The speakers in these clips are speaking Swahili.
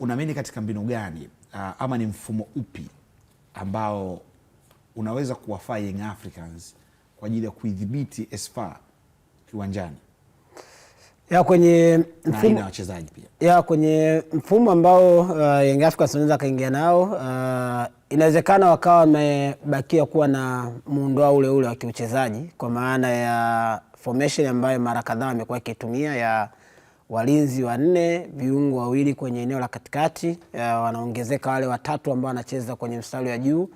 unaamini katika mbinu gani uh, ama ni mfumo upi ambao unaweza kuwafaa Young Africans kwa ajili ya kuidhibiti SFA kiwanjani ya kwenye mfumo wachezaji pia ya kwenye mfumo ambao uh, Young Africans wanaweza akaingia nao uh, inawezekana wakawa wamebakia kuwa na muundo wao ule ule wa kiuchezaji kwa maana ya formation ambayo mara kadhaa amekuwa ikitumia ya walinzi wanne, viungo wawili kwenye eneo la katikati, wanaongezeka wale watatu ambao wanacheza kwenye mstari wa juu,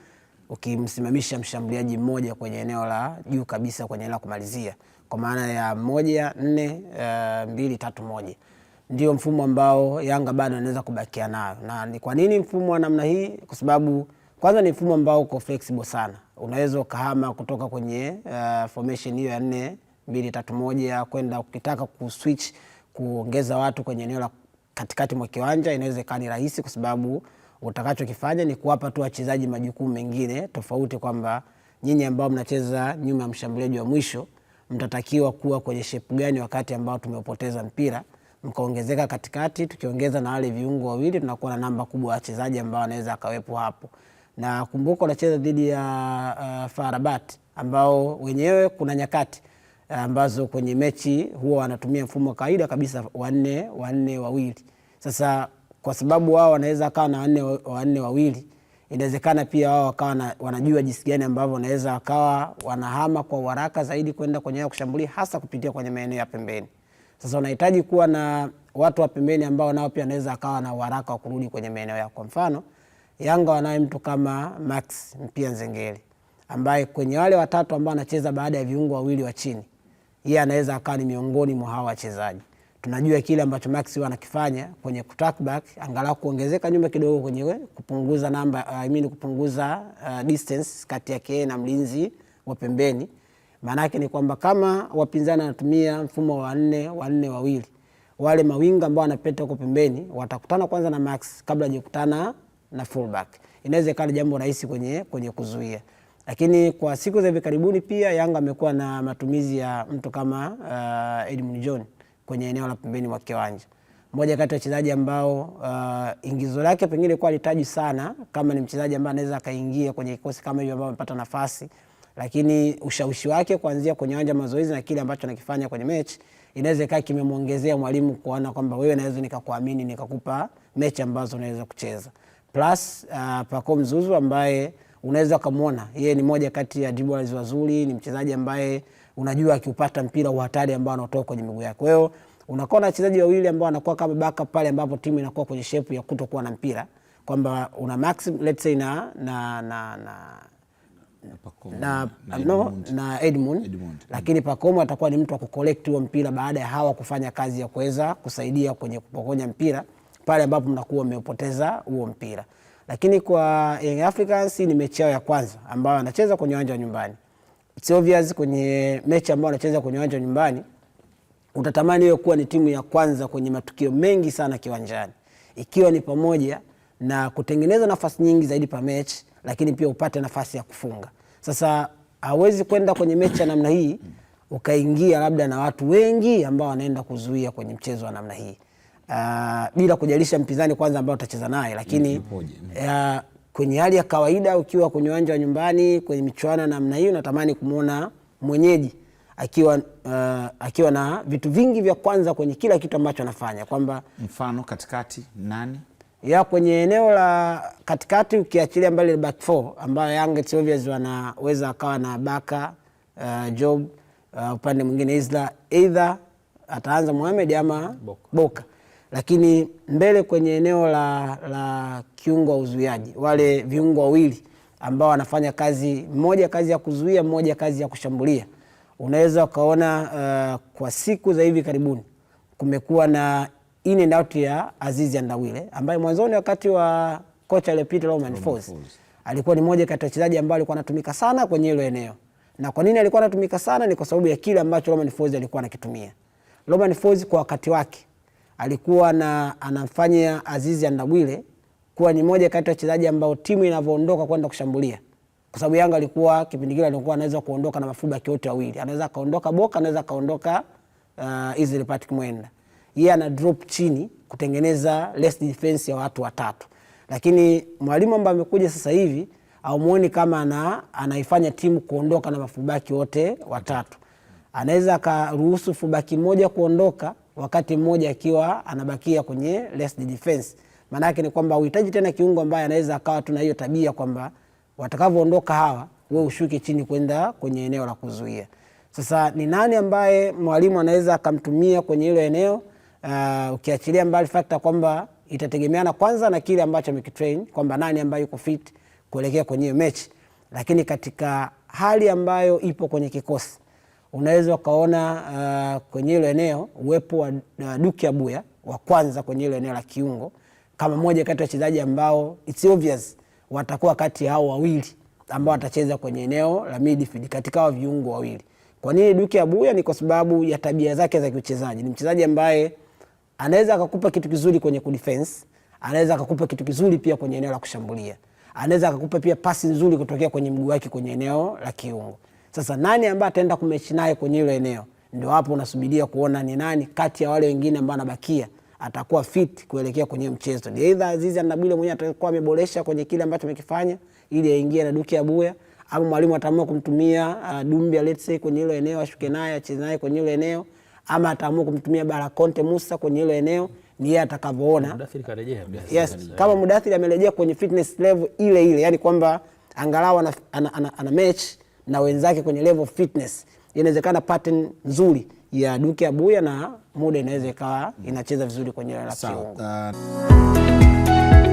ukimsimamisha mshambuliaji mmoja kwenye eneo la juu kabisa, kwenye eneo la kumalizia, kwa maana ya moja nne mbili tatu moja ndio mfumo ambao Yanga bado anaweza kubakia nayo. Na ni kwa nini mfumo wa namna hii? Kwa sababu kwanza ni mfumo ambao uko flexible sana, unaweza ukahama kutoka kwenye uh, formation hiyo ya nne mbili tatu moja kwenda ukitaka kuswitch kuongeza watu kwenye eneo la katikati mwa kiwanja inaweza ikawa ni rahisi, kwa sababu utakachokifanya ni kuwapa tu wachezaji majukumu mengine tofauti, kwamba nyinyi ambao mnacheza nyuma ya mshambuliaji wa mwisho mtatakiwa kuwa kwenye shepu gani wakati ambao tumepoteza mpira, mkaongezeka katikati. Tukiongeza na wale viungo wawili, tunakuwa na namba kubwa ya wachezaji ambao wanaweza akawepo hapo, na kumbuka, unacheza dhidi ya uh, Farabat ambao wenyewe kuna nyakati ambazo kwenye mechi huwa wanatumia mfumo wa kawaida kabisa wanne wanne wawili. Sasa kwa sababu wao wanaweza kawa na wanne wanne wawili, inawezekana pia wao wakawa wanajua jinsi gani ambavyo wanaweza wakawa wanahama kwa uharaka zaidi kwenda kwenye ya kushambulia, hasa kupitia kwenye maeneo ya pembeni. Sasa unahitaji kuwa na watu wa pembeni ambao nao pia wanaweza wakawa na uharaka wa kurudi kwenye maeneo yao. Kwa mfano, Yanga wanaye mtu kama Max Mpia Nzengeli ambaye kwenye wale watatu ambao anacheza baada ya viungo wawili wa chini yeye anaweza akawa ni miongoni mwa hawa wachezaji. Tunajua kile ambacho Max huwa anakifanya kwenye kutakback, angalau kuongezeka nyuma kidogo kwenye kupunguza namba, uh, I mean kupunguza uh, distance kati yake na mlinzi wa pembeni. Maana yake ni kwamba kama wapinzani wanatumia mfumo wa wanne wanne wawili, wale mawinga ambao wanapita huko pembeni watakutana kwanza na Max kabla hajakutana na fullback. Inaweza ikawa jambo rahisi kwenye, kwenye kuzuia lakini kwa siku za hivi karibuni pia Yanga amekuwa na matumizi ya mtu kama uh, Edmund John kwenye eneo la pembeni mwa kiwanja, mmoja kati ya wachezaji ambao uh, ingizo lake pengine kwa litaji sana kama ni mchezaji ambaye anaweza akaingia kwenye kikosi kama hivyo ambao amepata nafasi, lakini ushawishi wake kuanzia kwenye uwanja mazoezi na kile ambacho anakifanya kwenye mechi inaweza kaa kimemwongezea mwalimu kuona kwamba wewe naweza nikakuamini nikakupa mechi ambazo unaweza kucheza plus uh, eh, Pacome Zouzoua ambaye unaweza ukamwona yeye ni moja kati ya dribblers wazuri, ni mchezaji ambaye unajua akiupata mpira uhatari ambao anatoka kwenye miguu yake. Kwa hiyo unakuwa na wachezaji wawili ambao wanakuwa kama backup pale ambapo timu inakuwa kwenye shape ya kutokuwa na mpira, kwamba una Max let's say na na na na na, na, no, na Edmund, Edmund, lakini Pakomo atakuwa ni mtu wa kukolekti huo mpira baada ya hawa kufanya kazi ya kuweza kusaidia kwenye kupokonya mpira pale ambapo mnakuwa mmepoteza huo mpira lakini kwa Young Africans ni mechi yao ya kwanza ambayo wanacheza kwenye uwanja wa nyumbani. It's obvious kwenye mechi ambayo wanacheza kwenye uwanja wa nyumbani, utatamani hiyo kuwa ni timu ya kwanza kwenye matukio mengi sana kiwanjani, ikiwa ni pamoja na kutengeneza nafasi nyingi zaidi pa mechi, lakini pia upate nafasi ya kufunga. Sasa hawezi kwenda kwenye mechi ya namna hii ukaingia labda na watu wengi ambao wanaenda kuzuia kwenye mchezo wa namna hii uh, bila kujalisha mpinzani kwanza ambao utacheza naye, lakini mm, mm. uh, kwenye hali ya kawaida ukiwa kwenye uwanja wa nyumbani kwenye michuano namna hiyo natamani kumwona mwenyeji akiwa uh, akiwa na vitu vingi vya kwanza kwenye kila kitu ambacho anafanya, kwamba mfano katikati nani ya kwenye eneo la katikati ukiachilia mbali back four ambayo Yanga obvious wanaweza akawa na Baka uh, Job uh, upande mwingine Isla, either ataanza Mohamed ama Boka, Boka lakini mbele kwenye eneo la, la kiungo wa uzuiaji, wale viungo wawili ambao wanafanya kazi mmoja, kazi ya kuzuia, mmoja kazi ya kushambulia, unaweza ukaona uh, kwa siku za hivi karibuni kumekuwa na in and out ya Azizi Andawile ambaye mwanzoni wakati wa kocha aliyopita Romain Folz alikuwa ni mmoja kati ya wachezaji ambao alikuwa anatumika sana kwenye hilo eneo. Na kwa nini alikuwa anatumika sana? Ni kwa sababu ya kile ambacho Romain Folz alikuwa anakitumia. Romain Folz kwa wakati wake alikuwa na anafanya Azizi Andabwile kuwa ni moja kati ya wachezaji ambao timu inavyoondoka kwenda kushambulia, kwa sababu Yanga alikuwa kipindi kile alikuwa anaweza kuondoka na mafuba yake yote wawili, anaweza kaondoka Boka, anaweza kaondoka uh, Israel Patrick Mwenda, yeye ana drop chini kutengeneza less defense ya watu watatu, lakini mwalimu ambaye amekuja sasa hivi aumuoni kama ana, anaifanya timu kuondoka na mafubaki wote watatu, anaweza akaruhusu fubaki moja kuondoka wakati mmoja akiwa anabakia kwenye less defense. Maana yake ni kwamba uhitaji tena kiungo ambaye anaweza akawa tuna hiyo tabia kwamba watakavyoondoka hawa, wewe ushuke chini kwenda kwenye eneo la kuzuia. Sasa ni nani ambaye mwalimu anaweza akamtumia kwenye hilo eneo? Uh, ukiachilia mbali fakta kwamba itategemeana kwanza na kile ambacho amekitrain kwamba nani ambaye yuko fit kuelekea kwenye hiyo mechi, lakini katika hali ambayo ipo kwenye kikosi unaweza ukaona uh, kwenye hilo eneo uwepo wa uh, Duke Abuya wa kwanza kwenye hilo eneo la kiungo kama mmoja kati ya wachezaji ambao it's obvious watakuwa kati ya hao wawili ambao watacheza kwenye eneo la midfield katika hao viungo wawili. Kwa nini Duke Abuya? Ni kwa sababu ya tabia zake za kiuchezaji. Ni mchezaji ambaye anaweza akakupa kitu kizuri kwenye kudefense, anaweza akakupa kitu kizuri pia kwenye eneo la kushambulia, anaweza akakupa pia pasi nzuri kutokea kwenye mguu wake kwenye eneo la kiungo. Sasa nani ambaye ataenda kumechi naye kwenye hilo eneo? Ndio hapo unasubiria kuona ni nani kati ya wale wengine ambao anabakia atakuwa fit kuelekea kwenye mchezo. Ni aidha Azizi Anabile mwenyewe atakuwa ameboresha kwenye kile ambacho amekifanya ili aingie na duki ya Buya, ama mwalimu ataamua kumtumia uh, Dumbia let's say kwenye hilo eneo, ashuke naye acheze naye kwenye hilo eneo, ama ataamua kumtumia Barakonte Musa kwenye hilo eneo ni yeye atakavyoona. Yes, kama Mudathiri amerejea kwenye fitness level ile ile, yani kwamba angalau ana, ana, ana, ana, ana mechi na wenzake kwenye level fitness, inawezekana pattern nzuri ya Duke Abuya na muda inaweza ikawa inacheza vizuri kwenye la kiungo. Ah.